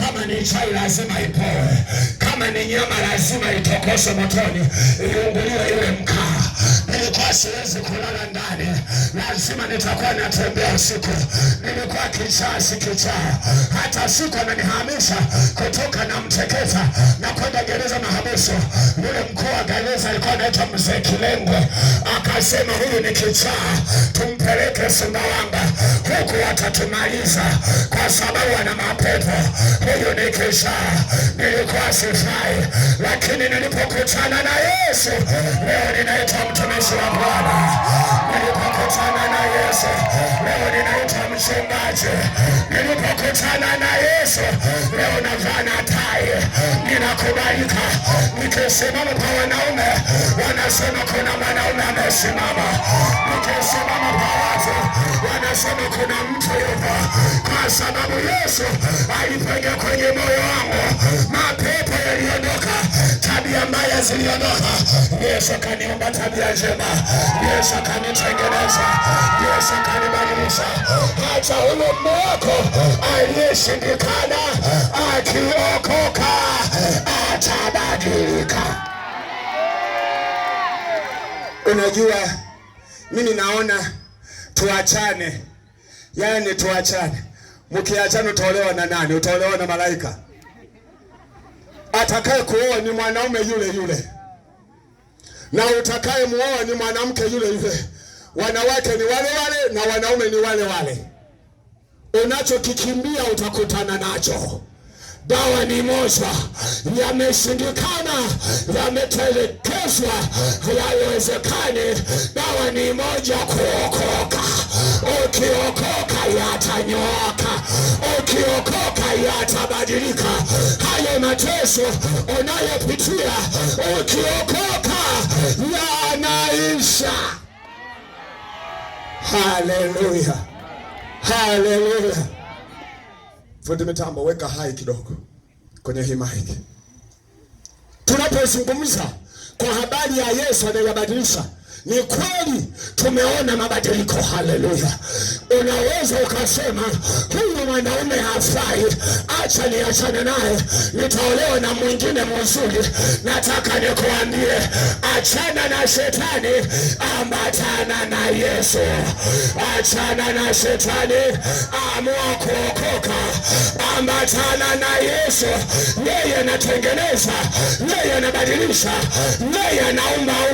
Kama ni chai lazima ipoe, kama ni nyama lazima itokoshwe motoni, iunguliwe ile mkaa nilikuwa siwezi kulala ndani, lazima nitakuwa natembea usiku. Nilikuwa kichaa si kichaa, hata siku ananihamisha kutoka na Mteketa na kwenda gereza mahabusu. Yule mkuu wa gereza alikuwa anaitwa Mzee Kilengwe, akasema huyu ni kichaa, tumpeleke Sumbawanga, huku watatumaliza kwa sababu ana mapepo, huyu ni kichaa. Nilikuwa sifai, lakini nilipokutana na Yesu, leo ninaitwa mtumishi la Bwana. Nilipokutana na Yesu, leo ninaitwa mchungaji. Nilipokutana na Yesu, leo navaa na tai, ninakubalika. Nikisimama kwa wanaume, wanasema kuna mwanaume amesimama. Nikisimama kwa watu, wanasema kuna mtu yupo, kwa sababu Yesu alipiga kwenye moyo wangu mapepo yaliyo tabia mbaya ziliondoka. Yesu akaniomba tabia njema, Yesu akanitengeneza, Yesu akanibadilisha. Hata huyo mwoko aliyeshindikana akiokoka atabadilika. Unajua, mimi naona tuachane, yani tuachane. Mkiachana utaolewa na nani? Utaolewa na malaika atakaye kuoa ni mwanaume yule yule, na utakaye muoa ni mwanamke yule yule. Wanawake ni wale wale na wanaume ni wale wale. Unachokikimbia utakutana nacho. Dawa ni moja, yameshindikana, yametelekezwa, hayawezekani. Dawa ni moja, kuokoka. Ukiokoka yatanyooka, ukiokoka yatabadilika. hayo mateso unayopitia ukiokoka yanaisha. Haleluya, haleluya. Fundi mitambo, weka hai kidogo kwenye hii maiki tunapozungumza kwa habari ya Yesu anayabadilisha ni kweli tumeona mabadiliko, haleluya. Unaweza ukasema huyu mwanaume hafai, acha niachane naye, nitaolewa na mwingine mzuri. Nataka nikuambie, achana na shetani, ambatana na Yesu. Achana na shetani, amua kuokoka, ambatana na Yesu. Yeye anatengeneza, yeye anabadilisha, yeye anaumba